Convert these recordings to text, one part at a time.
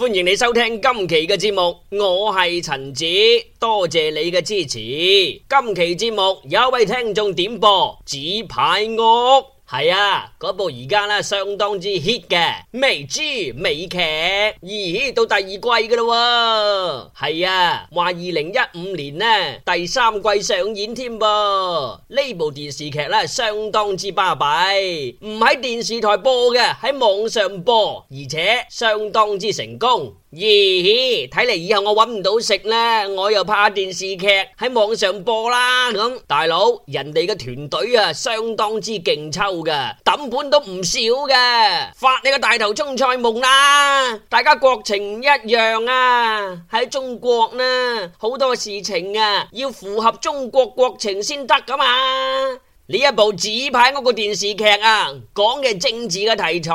歡迎你收聽今期嘅節目，我係陳子，多謝你嘅支持。今期節目有一位聽眾點播，紙牌屋。係啊，嗰部而家咧相當之 hit 嘅未知美劇，咦，到第二季噶啦喎。係啊，話二零一五年咧第三季上演添噃。呢部電視劇咧相當之巴閉，唔喺電視台播嘅，喺網上播，而且相當之成功。咦，睇嚟以後我揾唔到食喇，我又怕電視劇喺網上播啦咁。大佬，人哋嘅團隊啊，相當之勁抽噶，抌本都唔少噶，發你個大頭中菜夢啦！大家國情唔一樣啊，喺中國呢，好多事情啊，要符合中國國情先得噶嘛。呢一部紙牌屋嘅電視劇啊，講嘅係政治嘅題材。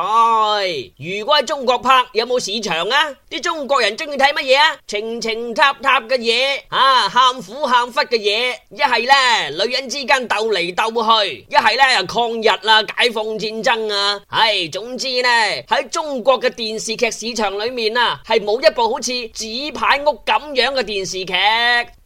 如果喺中國拍，有冇市場啊？啲中國人中意睇乜嘢啊？情情塔塔嘅嘢，啊，喊苦喊忽嘅嘢，一係呢，女人之間鬥嚟鬥去，一係呢，又抗日啦，啊，解放戰爭啊。唉，哎，總之呢，喺中國嘅電視劇市場裏面啊，係冇一部好似紙牌屋咁樣嘅電視劇。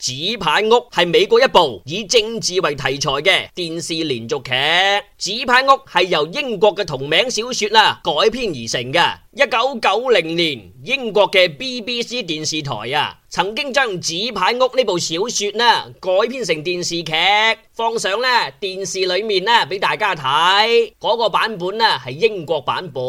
紙牌屋係美國一部以政治為題材嘅電視連續劇。紙牌屋係由英國嘅同名小說啦改編而成嘅。一九九零年，英國嘅 BBC 電視台啊，曾經將《紙牌屋》呢部小說呢改編成電視劇，放上咧電視裏面咧俾大家睇。嗰、那個版本啊係英國版本。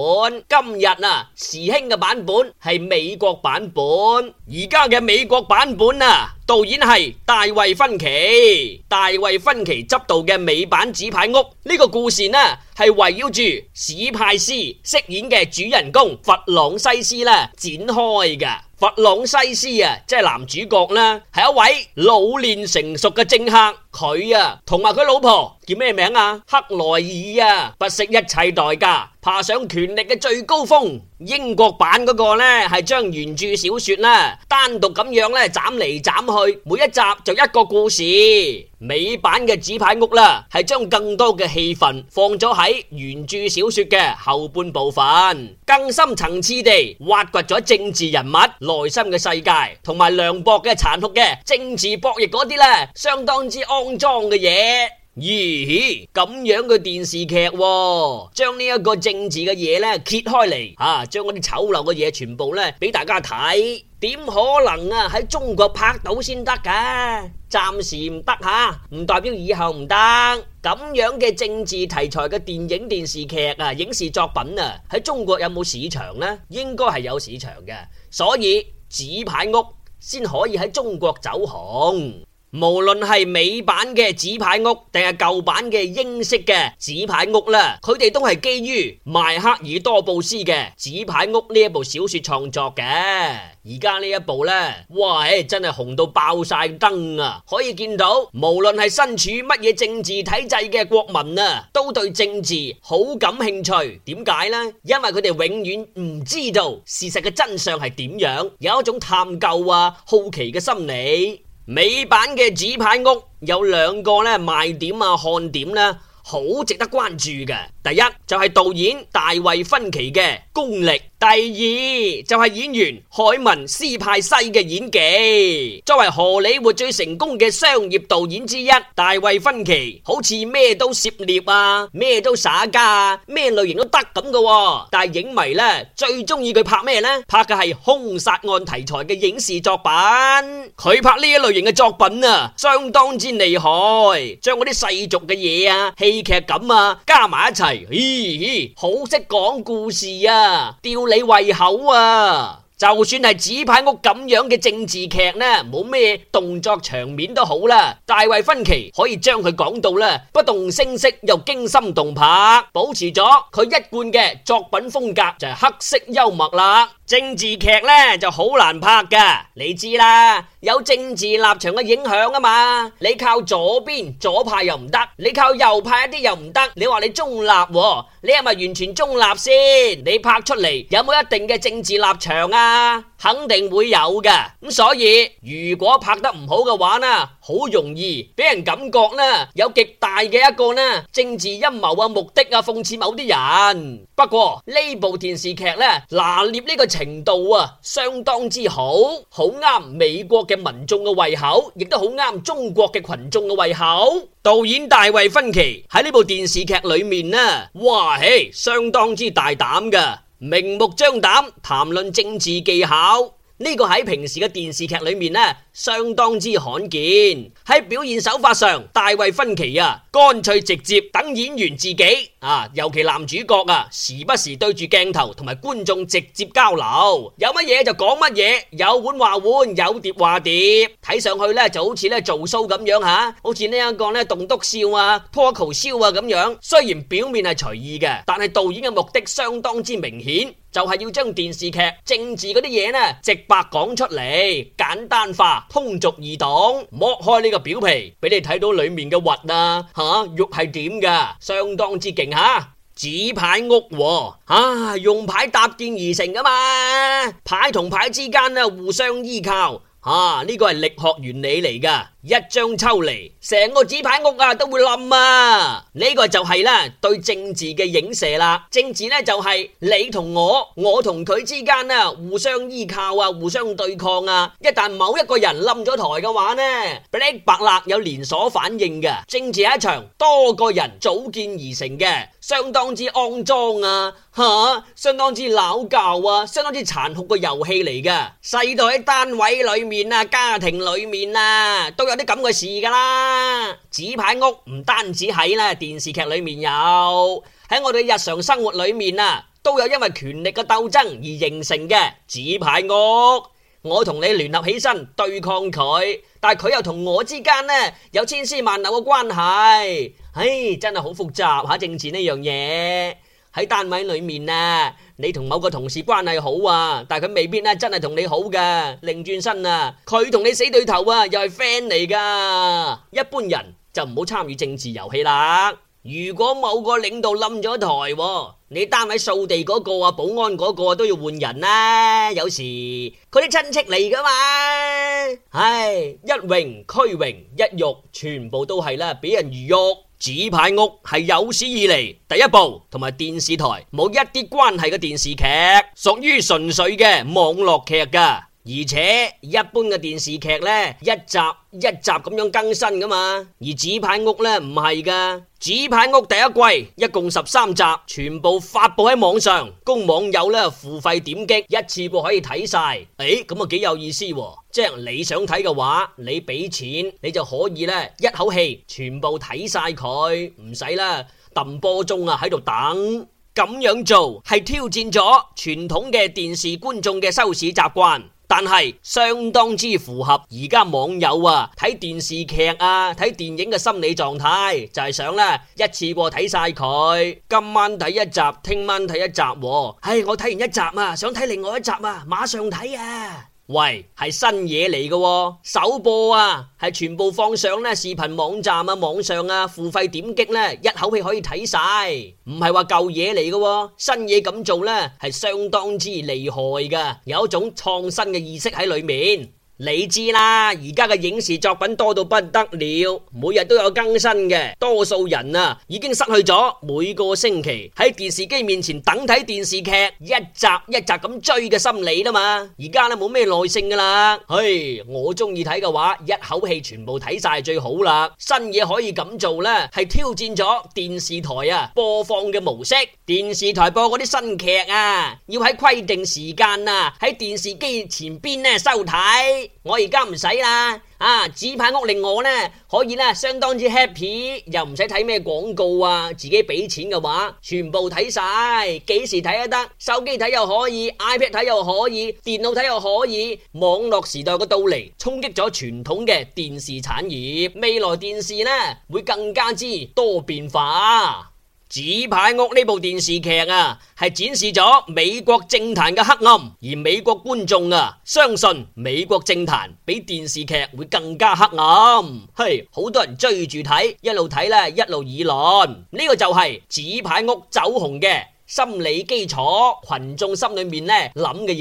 今日啊時興嘅版本係美國版本。而家嘅美國版本啊，導演係大衛芬奇。大衛芬奇執導嘅美版《紙牌屋》呢、這個故事呢，係圍繞住史派斯飾演嘅主人公弗朗西斯呢，展開嘅。弗朗西斯啊，即係男主角啦，係一位老練成熟嘅政客。佢啊，同埋佢老婆叫咩名啊？克萊爾啊，不惜一切代價爬上權力嘅最高峰。英國版嗰個咧係將原著小說啦，單獨咁樣咧斬嚟斬去，每一集就一個故事。美版嘅紙牌屋啦，係將更多嘅戲份放咗喺原著小說嘅後半部分，更深層次地挖掘咗政治人物內心嘅世界，同埋涼薄嘅殘酷嘅政治博弈嗰啲咧，相當之安。包裝嘅嘢，咦？咁樣嘅電視劇，將呢一個政治嘅嘢呢揭開嚟，吓將嗰啲醜陋嘅嘢全部呢俾大家睇，點可能啊喺中國拍到先得㗎？暫時唔得吓，唔代表以後唔得。咁樣嘅政治題材嘅電影、電視劇啊，影視作品啊，喺中國有冇市場呢？應該係有市場嘅，所以紙牌屋先可以喺中國走紅。無論係美版嘅紙牌屋，定係舊版嘅英式嘅紙牌屋啦，佢哋都係基於邁克爾多布斯嘅《紙牌屋》呢一部小說創作嘅。而家呢一部咧，哇，真係紅到爆晒燈啊！可以見到，無論係身處乜嘢政治體制嘅國民啊，都對政治好感興趣。點解呢？因為佢哋永遠唔知道事實嘅真相係點樣，有一種探究啊好奇嘅心理。美版嘅紙牌屋有兩個咧賣點啊，看點咧、啊、好值得關注嘅。第一就係、是、導演大衛芬奇嘅功力。第二就係演員海文斯派西嘅演技。作為荷里活最成功嘅商業導演之一，大衛芬奇好似咩都涉獵啊，咩都耍家，咩類型都得咁嘅。但係影迷咧最中意佢拍咩咧？拍嘅係兇殺案題材嘅影視作品。佢拍呢一類型嘅作品啊，相當之厲害，將啲世俗嘅嘢啊、戲劇感啊加埋一齊，咦，好識講故事啊，你胃口啊！就算係紙牌屋咁樣嘅政治劇呢，冇咩動作場面都好啦。大衛芬奇可以將佢講到啦，不動聲色又驚心動魄，保持咗佢一貫嘅作品風格，就係黑色幽默啦。政治劇呢就好難拍㗎，你知啦，有政治立場嘅影響啊嘛。你靠左邊左派又唔得，你靠右派一啲又唔得。你話你中立喎啊，你係咪完全中立先？你拍出嚟有冇一定嘅政治立場啊？肯定會有㗎，咁所以如果拍得唔好嘅話呢，好容易俾人感覺呢有極大嘅一個呢政治陰謀啊，目的啊，諷刺某啲人。不過呢部電視劇呢拿捏呢個程度啊，相當之好，好啱美國嘅民眾嘅胃口，亦都好啱中國嘅群眾嘅胃口。導演大衛芬奇喺呢部電視劇裏面呢，哇嘿，相當之大膽㗎。明目張膽談論政治技巧，呢、這個喺平時嘅電視劇裏面咧。相當之罕見，喺表現手法上，大衛芬奇啊，乾脆直接等演員自己啊，尤其男主角啊，時不時對住鏡頭同埋觀眾直接交流，有乜嘢就講乜嘢，有碗話碗，有碟話碟，睇上去咧就好似咧做 show 咁樣吓，好似呢一個咧棟篤笑啊、脫口秀啊咁樣。雖然表面係隨意嘅，但係導演嘅目的相當之明顯，就係要將電視劇政治嗰啲嘢呢，直白講出嚟，簡單化。通俗易懂，剝開呢個表皮，俾你睇到裏面嘅核啊吓，肉係點噶？相當之勁吓，紙牌屋吓、啊，用牌搭建而成噶嘛，牌同牌之間啊互相依靠吓，呢個係力學原理嚟噶。一張抽離，成個紙牌屋啊都會冧啊！呢個就係啦，對政治嘅影射啦。政治呢就係你同我，我同佢之間啊互相互依靠啊，互相對抗啊。一旦某一個人冧咗台嘅話呢，black 白啦有連鎖反應嘅。政治係一場多個人組建而成嘅，相當之骯髒啊，吓，相當之老舊啊，相當之殘酷嘅遊戲嚟噶。世代喺單位裏面啊，家庭裏面啊，都。有啲咁嘅事噶啦，紙牌屋唔單止喺呢，電視劇裏面有，喺我哋日常生活裏面啊，都有因為權力嘅鬥爭而形成嘅紙牌屋。我同你聯合起身對抗佢，但係佢又同我之間呢有千絲萬縷嘅關係，唉、哎，真係好複雜吓、啊、政治呢樣嘢喺單位裏面啊。你同某個同事關係好啊，但係佢未必咧真係同你好噶。擰轉身啊，佢同你死對頭啊，又係 friend 嚟噶。一般人就唔好參與政治遊戲啦。如果某個領導冧咗台，啊，你單位掃地嗰、那個啊，保安嗰個都要換人咧。有時佢啲親戚嚟噶嘛，唉，一榮俱榮，一辱全部都係啦，俾人魚肉。紙牌屋係有史以嚟第一部同埋電視台冇一啲關係嘅電視劇，屬於純粹嘅網絡劇㗎。而且一般嘅電視劇呢，一集一集咁樣更新噶嘛，而紙牌屋呢，唔係噶，紙牌屋第一季一共十三集，全部發佈喺網上，供網友呢付費點擊，一次過可以睇晒。誒，咁啊幾有意思喎！即係你想睇嘅話，你俾錢，你就可以呢一口氣全部睇晒佢，唔使啦，抌波中啊喺度等。咁樣做係挑戰咗傳統嘅電視觀眾嘅收視習慣。但係相當之符合而家網友啊睇電視劇啊睇電影嘅心理狀態就係、是、想咧一次過睇晒佢，今晚睇一集，聽晚睇一集、啊。唉、哎，我睇完一集啊，想睇另外一集啊，馬上睇啊！喂，係新嘢嚟嘅，首播啊，係全部放上呢視頻網站啊，網上啊付費點擊呢，一口氣可以睇晒，唔係話舊嘢嚟嘅，新嘢咁做呢，係相當之厲害㗎，有一種創新嘅意識喺裏面。你知啦，而家嘅影視作品多到不得了，每日都有更新嘅。多數人啊，已經失去咗每個星期喺電視機面前等睇電視劇一集一集咁追嘅心理啦嘛。而家呢冇咩耐性㗎喇。嘿，我中意睇嘅話，一口氣全部睇晒最好啦。新嘢可以咁做咧，係挑戰咗電視台啊播放嘅模式。電視台播嗰啲新劇啊，要喺規定時間啊喺電視機前邊呢收睇。我而家唔使啦，啊！紙牌屋令我呢可以呢相當之 happy，又唔使睇咩廣告啊！自己畀錢嘅話，全部睇晒，幾時睇都得，手機睇又可以，iPad 睇又可以，電腦睇又可以。網絡時代嘅到嚟，衝擊咗傳統嘅電視產業，未來電視呢會更加之多變化。紙牌屋呢部電視劇啊，係展示咗美國政壇嘅黑暗，而美國觀眾啊，相信美國政壇比電視劇會更加黑暗。係，好多人追住睇，一路睇呢，一路議論。呢個就係紙牌屋走紅嘅心理基礎，群眾心裏面呢諗嘅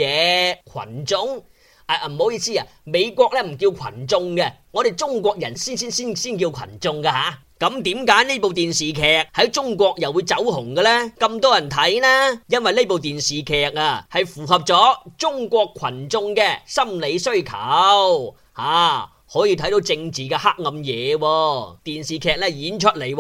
嘢，群眾啊，唔好意思啊，美國呢唔叫群眾嘅，我哋中國人先先先先叫群眾噶吓。咁點解呢部電視劇喺中國又會走紅嘅呢？咁多人睇呢，因為呢部電視劇啊，係符合咗中國群眾嘅心理需求，吓、啊、可以睇到政治嘅黑暗嘢，電視劇咧演出嚟，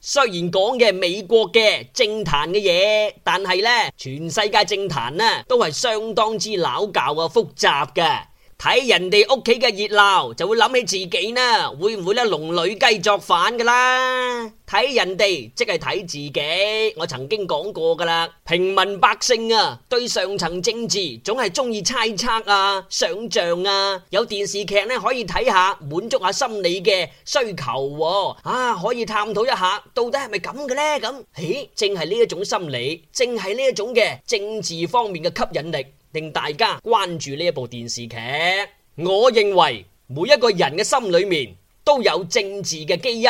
雖然講嘅係美國嘅政壇嘅嘢，但係呢，全世界政壇呢都係相當之鬧交啊複雜嘅。睇人哋屋企嘅熱鬧，就會諗起自己呢？會唔會咧？龍女雞作反噶啦！睇人哋即係睇自己，我曾經講過噶啦。平民百姓啊，對上層政治總係中意猜測啊、想象啊。有電視劇咧，可以睇下，滿足下心理嘅需求啊。啊，可以探討一下，到底係咪咁嘅咧？咁，咦？正係呢一種心理，正係呢一種嘅政治方面嘅吸引力。令大家關注呢一部電視劇，我認為每一個人嘅心裏面都有政治嘅基因。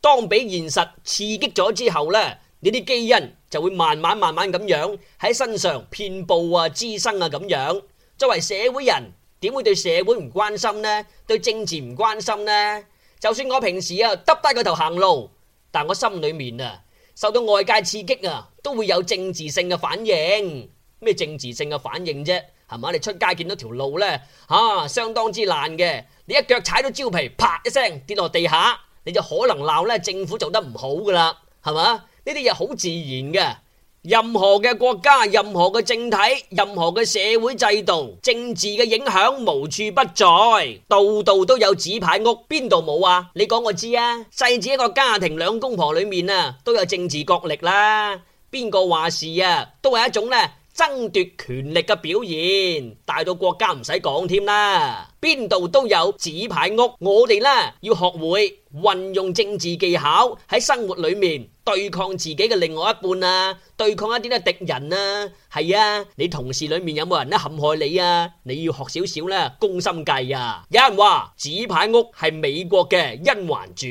當俾現實刺激咗之後咧，呢啲基因就會慢慢慢慢咁樣喺身上遍布啊、滋生啊咁樣。作為社會人，點會對社會唔關心呢？對政治唔關心呢？就算我平時啊耷低個頭行路，但我心裏面啊受到外界刺激啊，都會有政治性嘅反應。咩政治性嘅反應啫，係嘛？你出街見到條路咧，嚇相當之爛嘅，你一腳踩到蕉皮，啪一聲跌落地下，你就可能鬧咧政府做得唔好噶啦，係嘛？呢啲嘢好自然嘅，任何嘅國家、任何嘅政體、任何嘅社會制度，政治嘅影響無處不在，度度都有紙牌屋，邊度冇啊？你講我知啊！甚至一個家庭兩公婆裡面啊，都有政治角力啦，邊個話事啊，都係一種咧。爭奪權力嘅表現，大到國家唔使講添啦。邊度都有紙牌屋，我哋咧要學會運用政治技巧喺生活裏面對抗自己嘅另外一半啊，對抗一啲嘅敵人啊。係啊，你同事裏面有冇人咧陷害你啊？你要學少少咧攻心計啊。有人話紙牌屋係美國嘅《甄嬛傳》，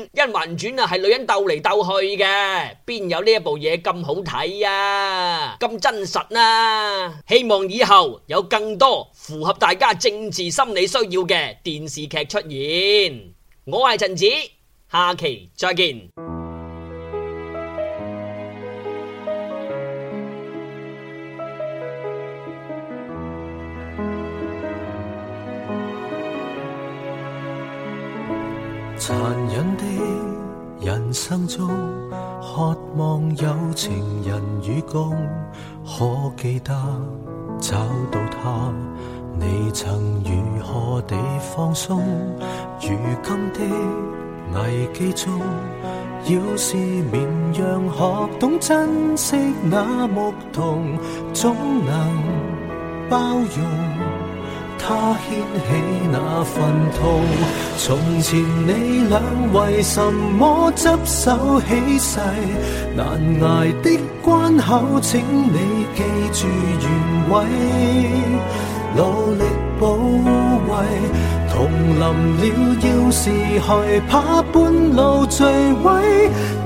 《甄嬛傳》啊，係女人鬥嚟鬥去嘅，邊有呢一部嘢咁好睇啊，咁真實啊！希望以後有更多符合大家政治心理你需要嘅電視劇出現，我係陳子，下期再見。殘忍的人生中，渴望有情人與共，可記得找到他。你曾如何地放鬆？如今的危機中，要是綿羊學懂珍惜那牧童，總能包容他掀起那份痛。從前你倆為什麼執手起誓？難捱的關口，請你記住原委。努力保衞，同林鳥，要是害怕半路墜毀，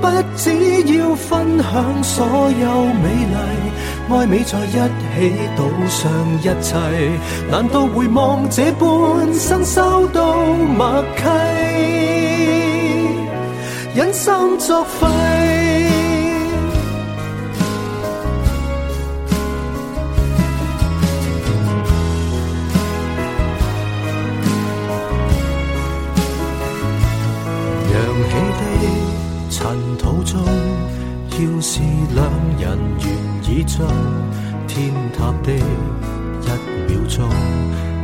不只要分享所有美麗，愛美在一起賭上一切，難道回望這半生收到默契，忍心作廢？揚起的塵土中，要是兩人願意盡，天塌的一秒鐘，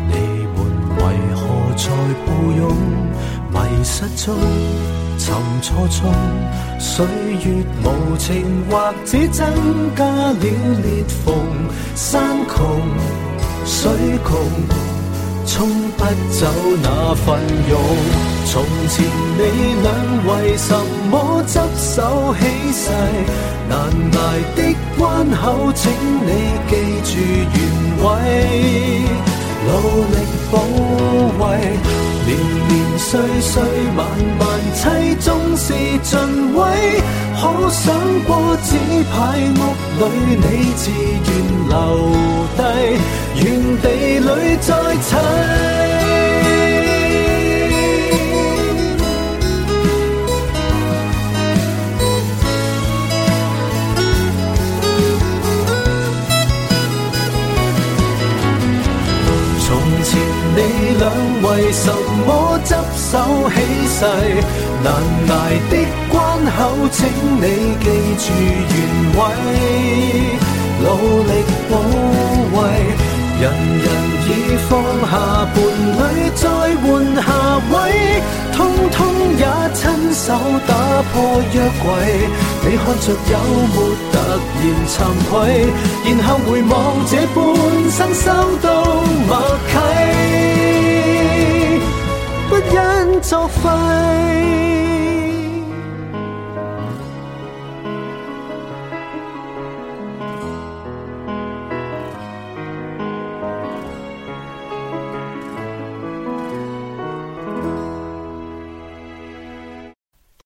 你們為何在抱擁？迷失中，尋錯中，歲月無情，或者增加了裂縫，山窮水窮。沖不走那份勇，從前你倆為什麼執手起誓？難捱的關口，請你記住原委。努力保衞，年年歲歲，萬萬妻，總是盡毀。可想過紙牌屋裡你自願留低，原地裡再砌。什麼執手起誓，難捱的關口，請你記住原位，努力保衞。人人已放下伴侶，再換下位，通通也親手打破約櫃。你看着有沒突然慚愧，然後回望這半生，心到默契。因作廢。